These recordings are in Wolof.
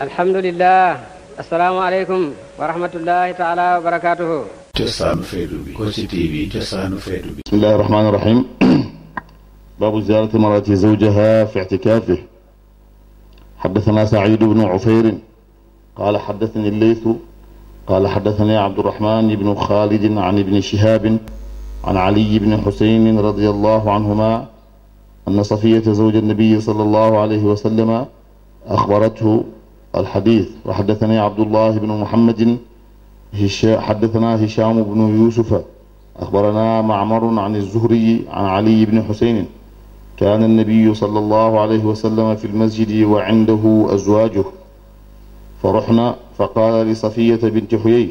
الحمد لله السلام عليكم ورحمة الله تعالى وبركاته جسان فيدوبي كوشي تي في جسان فيدوبي بسم الله الرحمن الرحيم باب زيارة امرأة زوجها في اعتكافه حدثنا سعيد بن عفير قال حدثني الليث قال حدثني عبد الرحمن بن خالد عن ابن شهاب عن علي بن حسين رضي الله عنهما أن صفية زوج النبي صلى الله عليه وسلم أخبرته الحديث وحدثني عبد الله بن محمد حدثنا هشام بن يوسف أخبرنا معمر عن الزهري عن علي بن حسين كان النبي صلى الله عليه وسلم في المسجد وعنده أزواجه فرحنا فقال لصفية بنت حيي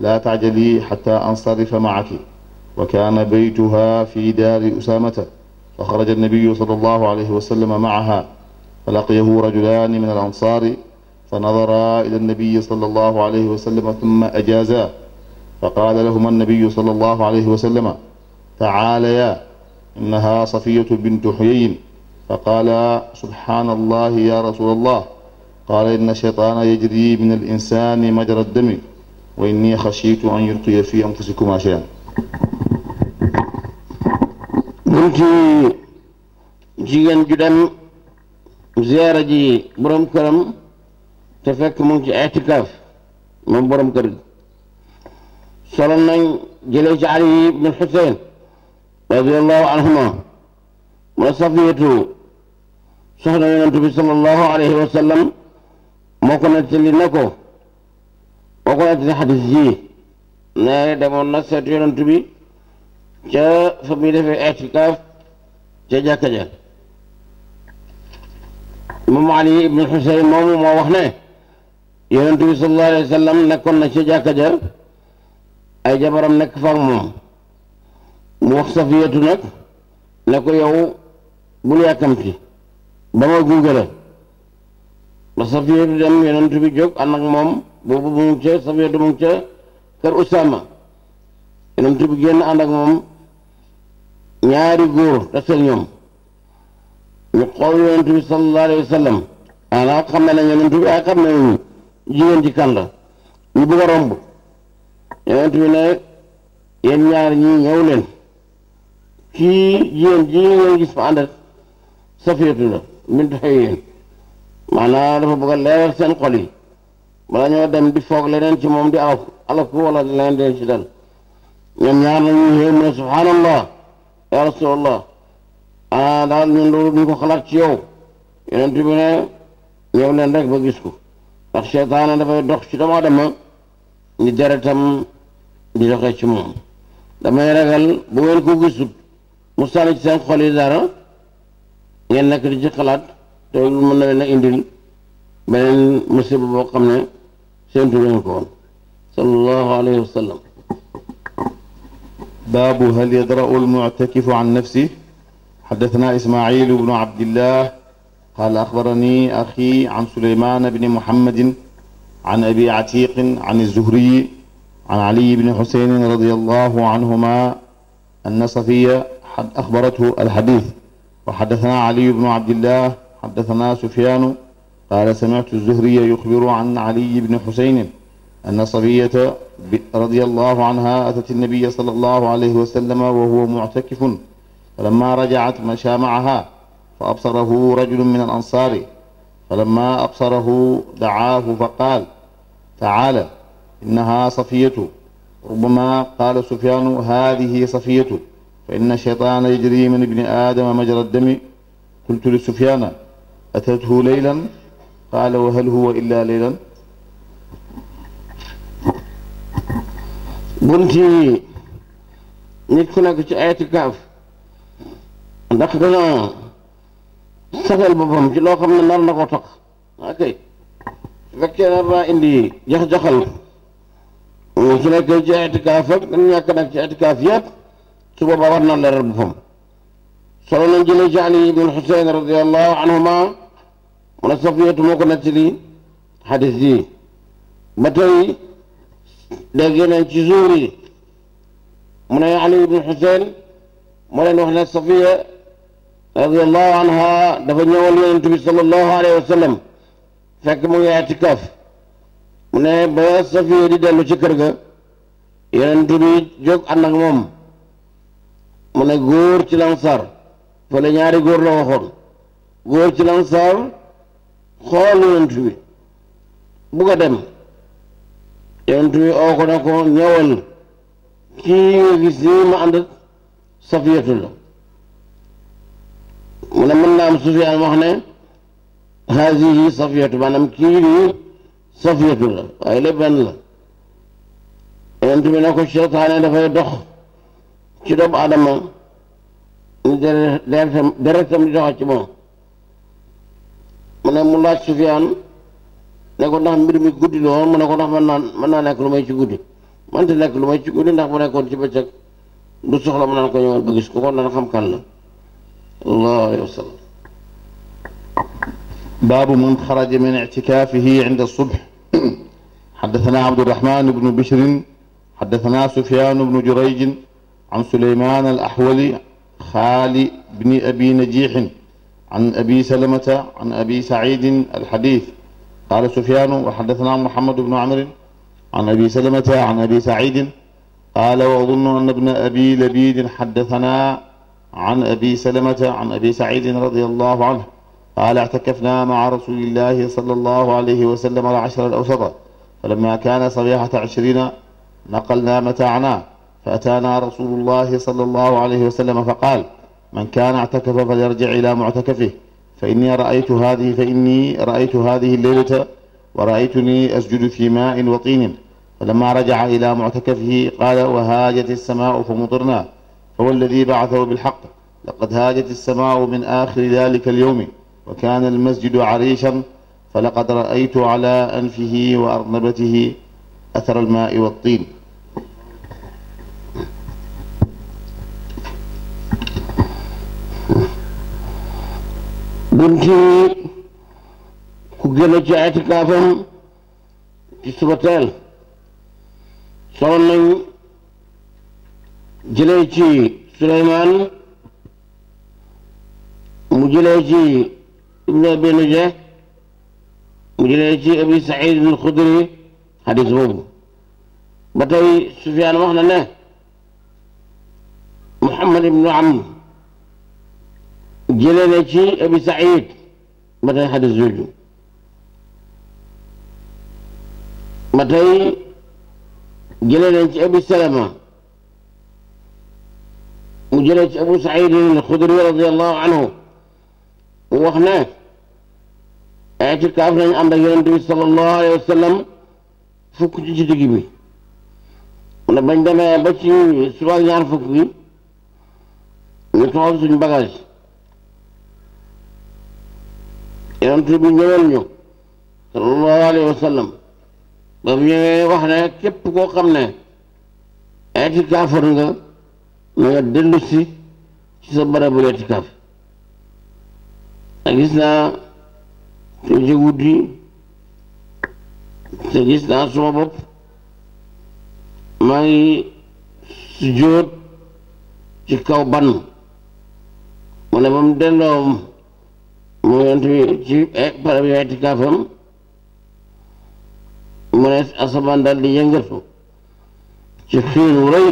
لا تعجلي حتى أنصرف معك وكان بيتها في دار أسامة فخرج النبي صلى الله عليه وسلم معها فلقيه رجلان من الأنصار فنظرا إلى النبي صلى الله عليه وسلم ثم أجازا فقال لهما النبي صلى الله عليه وسلم تعاليا إنها صفية بنت حيين فقال سبحان الله يا رسول الله قال إن الشيطان يجري من الإنسان مجرى الدم وإني خشيت أن يلقي في أنفسكما شيئا نجي جيان جدا زيارة جي ji te fekk mu ngi ci itikaaf moom borom kër gi solo nañ jëlee ci ali ibn xusain radiallahu anhuma mu ne safiyatu soxna yonent bi salallahu alayhi wa sallam moo ko nettali ne ko moo ko nettali xadis ji ne demoon na seet yonent bi ca fa muy defee itikaaf ca jàkka ja imam ali ibn xusain moomu moo wax ne yonent bi sallallahu alayhi wa nekkoon na ca jàkka ja ay jabaram nekk fa moom mu wax safiyatu nag ne ko yow bul yàkkamti ba ma gunge la ba safiyatu dem yonent bi jóg ànd ak moom boobu mu ngi ca safiyatu mu ngi ca kër Usaama yonent bi génn ànd ak moom ñaari góor te seen ñoom ñu xool yonent bi sallallahu alayhi wa sallam xam ne na yonent bi ay ah, xam ne jigéen ci kan la romb yonent bi ne yéen ñaar ñi ñëw leen kii jigéen ji ngeen gis ma àndat safiyatu la bintu Huyayyin maanaam dafa bëgg a seen xol yi bala ñoo dem di foog leneen ci moom di alak alaku wala di leen deen ci dal ñoom ñaar la ñuy xëy subhaanallah ya rasulallah ah daal ñun loolu duñ ko xalaat ci yow yonent bi ne ñëw rek ba gis ko الشيطان دا فاي دوخ سي دوما دما موم دما يرغال بو كو غيسوت مستعلي سي خولي دارا ين نك دي جخلات من لنا انديل بنين مصيبه بو سين دوين كون صلى الله عليه وسلم باب هل يدرأ المعتكف عن نفسه حدثنا إسماعيل بن عبد الله قال أخبرني أخي عن سليمان بن محمد عن أبي عتيق عن الزهري عن علي بن حسين رضي الله عنهما أن صفية أخبرته الحديث وحدثنا علي بن عبد الله حدثنا سفيان قال سمعت الزهري يخبر عن علي بن حسين أن صفية رضي الله عنها أتت النبي صلى الله عليه وسلم وهو معتكف فلما رجعت مشى معها فأبصره رجل من الأنصار فلما أبصره دعاه فقال تعالى إنها صفية ربما قال سفيان هذه صفية فإن الشيطان يجري من ابن آدم مجرى الدم قلت لسفيان أتته ليلا قال وهل هو إلا ليلا قلت nit ku nekk ci ayati sagal boppam ci loo xam ne nar na ko tax ok su fekkee nar naa indi jax-jaxal su nekkee ci itikaaf ak dañ ñàkk nag ci itikaaf yëpp su boobaa war na leeral boppam solo nañ jëlee ci Ali ibn Husayn radiallahu anhuma mu ne Safiyatu moo ko nettali xadis yi ba tey déggee nañ ci zuur yi mu ne Ali ibn Husayn moo leen wax ne Safiya radiallahu anha dafa ñëwal yonent bi sallallahu alayhi wa sallam fekk mu ngi itikaaf mu ne ba safiya di dellu ci kër ga yonent bi jóg ànd moom mu ne góor ci lansar fële ñaari góor la waxoon góor ci lansar xool yonent bi bugg dem yonent bi oo ko ne ko ñëwal kii nga ma ànd safiyatu la mu ne mën naa am Sufyaan wax ne haadihi safiyatu maanaam kii nii safiyatu la waaye la la yonent bi ne ko seytaane dafay dox ci doomu adama ni deretam deretam di dox ci moom mu ne mu laaj Sufyaan ne ko ndax mbir mi guddi la mu ne ko ndax mën naa mën naa lekk lu may ci guddi mënta nekk lu may ci guddi ndax bu nekkoon ci bëccëg du soxla mu naan ko ñëwal ba gis ko kon na xam kan la الله يوصل باب من خرج من اعتكافه عند الصبح حدثنا عبد الرحمن بن بشر حدثنا سفيان بن جريج عن سليمان الأحولي خالي بن أبي نجيح عن أبي سلمة عن أبي سعيد الحديث قال سفيان وحدثنا محمد بن عمرو عن أبي سلمة عن أبي سعيد قال وأظن أن ابن أبي لبيد حدثنا عن أبي سلمة عن أبي سعيد رضي الله عنه قال اعتكفنا مع رسول الله صلى الله عليه وسلم العشر الأوسط فلما كان صبيحة عشرين نقلنا متاعنا فأتانا رسول الله صلى الله عليه وسلم فقال من كان اعتكف فليرجع إلى معتكفه فإني رأيت هذه فإني رأيت هذه الليلة ورأيتني أسجد في ماء وطين فلما رجع إلى معتكفه قال وهاجت السماء فمطرنا هو الذي بعثه بالحق لقد هاجت السماء من آخر ذلك اليوم وكان المسجد عريشا فلقد رأيت على أنفه وأرنبته أثر الماء والطين bunti ku gën ci جليجي سليمان مجليجي ابن ابي نجاه مجليجي ابي سعيد بن الخدري حديث زبوب بتي سفيان وحنا له محمد بن عم جليجي ابي سعيد بتي حديث زوج بتي جليجي ابي سلمه وجلس ابو سعيد الخدري رضي الله عنه وخنا اعتك افلا ان النبي صلى الله عليه وسلم فك تجدك بي انا بندم بس سؤال يعرفك بي نتواصل من بغاز يرمت بي نولنو صلى الله عليه وسلم بابي وحنا كيف قمنا اعتك افلا na nga dellu ci sa barabu itikaaf te gis naa te ci guddi gis naa suma bopp maa ngi sujjóot ci kaw ban mu ne ba mu delloo mu yonent ci barabu itikaafam mu ne asamaan daal yëngatu ci xiin wu rëy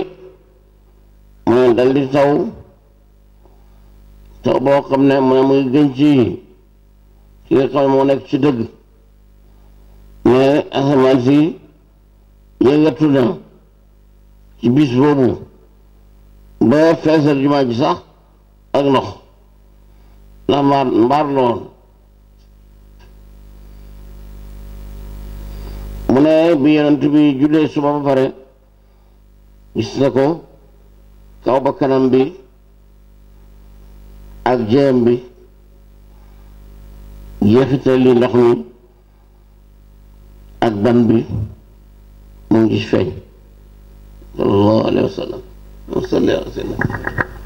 dal di taw taw boo xam ne mu ne muy gën ci ci nga xam ne moo nekk ci dëgg ne asamaan si yëngatu na ci bis boobu ba feesal jumaa ji sax ak ndox ndax mbaar mu ne bi yonent bi jullee suba ba pare gis na ko sama bakkanam bi ak jëm bi jeexital yi ndox mi ak ban bi mu ngi feeñ sallallahu alayhi wa sallam wa salli ala sayyidina